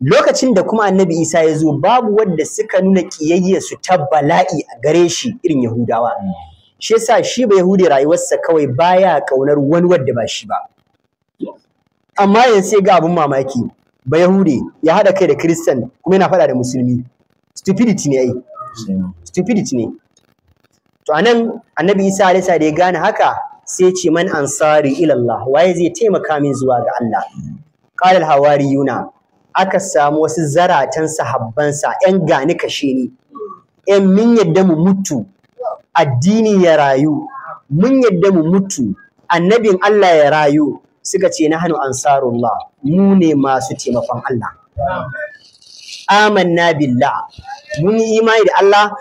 lokacin da kuma annabi isa ya zo babu wanda suka nuna su ta bala'i a gare shi irin yahudawa shi yasa shi ba yahudi rayuwarsa kawai baya kaunar wani wanda ba shi ba amma yanzu sai ga abun mamaki ba yahudi ya haɗa kai da kristan kuma yana faɗa da musulmi stupidity ne ai stupidity ne to anan annabi isa alaihi da ya gane haka sai ce man ansari ila waye zai taimaka min zuwa ga allah qala al hawariyuna aka samu wasu zaratan sahabbansa ‘yan gani kashe ni, ‘yan mun yadda mu mutu, addini ya rayu, mun yadda mu mutu, annabin Allah ya rayu, suka ce na hannu ansarullah, mu ne masu taimakon Allah. Amanna billah, mun yi imani da Allah,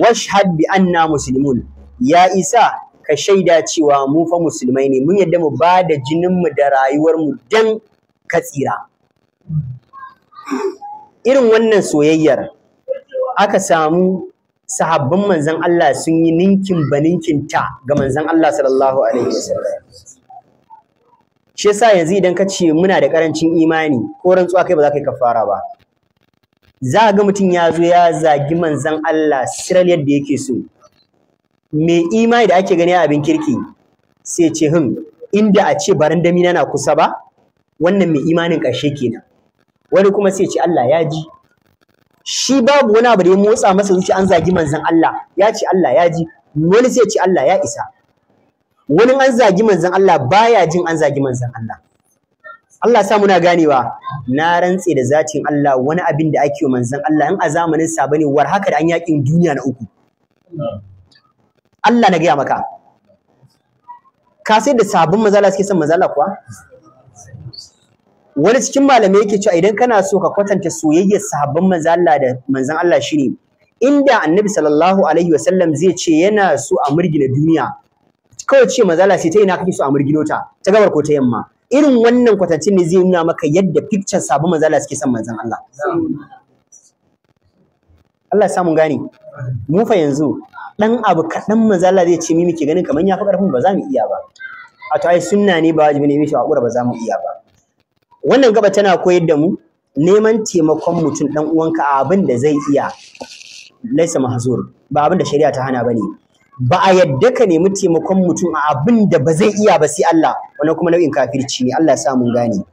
washhad bi anna muslimun, ya isa ka shaida cewa mu fa musulmai ne, mun yadda mu ba da jininmu da rayuwarmu don ka tsira. irin wannan soyayyar aka samu sahabban manzon Allah sun yi ninkin baninkin ta ga manzon Allah sallallahu alaihi wasallam shi yanzu idan ka ce muna da karancin imani ko rantsuwa kai ba za ka yi kafara ba za ga mutum ya zo ya zagi manzan Allah siral yadda yake so mai imani da ake gani a abin kirki sai ce hum inda a ce barin damina na kusa ba wannan mai imanin ƙarshe kenan wani kuma sai ce Allah ya ji shi babu wani abu da ya motsa masa zuci an zagi manzon Allah ya ce Allah ya ji wani sai ce Allah ya isa wani an zagi manzon Allah baya jin an zagi manzon Allah Allah sa muna ganewa na rantse da zatin Allah wani abin da ake manzon Allah in a zamanin sa war haka da an yakin duniya na uku Allah na gaya maka ka sai da sabon mazala suke son mazala kuwa wani cikin malamai yake cewa idan kana so ka kwatanta soyayyar sahabban manzo Allah da manzon Allah shine inda annabi sallallahu alaihi wasallam zai ce yana so a murgina duniya kawai ce manzo Allah sai ta ina kake so a murgino ta ta gabar ko ta yamma irin wannan kwatancin ne zai nuna maka yadda picture sahabban manzo Allah suke son manzon Allah Allah samu gane mu fa yanzu dan abu kadan manzo Allah zai ce mimi ke ganin kamar ya fa karfin ba za mu iya ba a to ai sunna ne ba wajibi ne mishi a hakura ba za mu iya ba wannan gaba tana koyar da mu neman taimakon mutum ɗan uwanka a abin da zai iya laisa mahzur ba abin da shari'a ta hana bane ba a yadda ka nemi taimakon mutum a abin da ba zai iya ba sai Allah wannan kuma nau'in kafirci ne Allah ya sa mun gane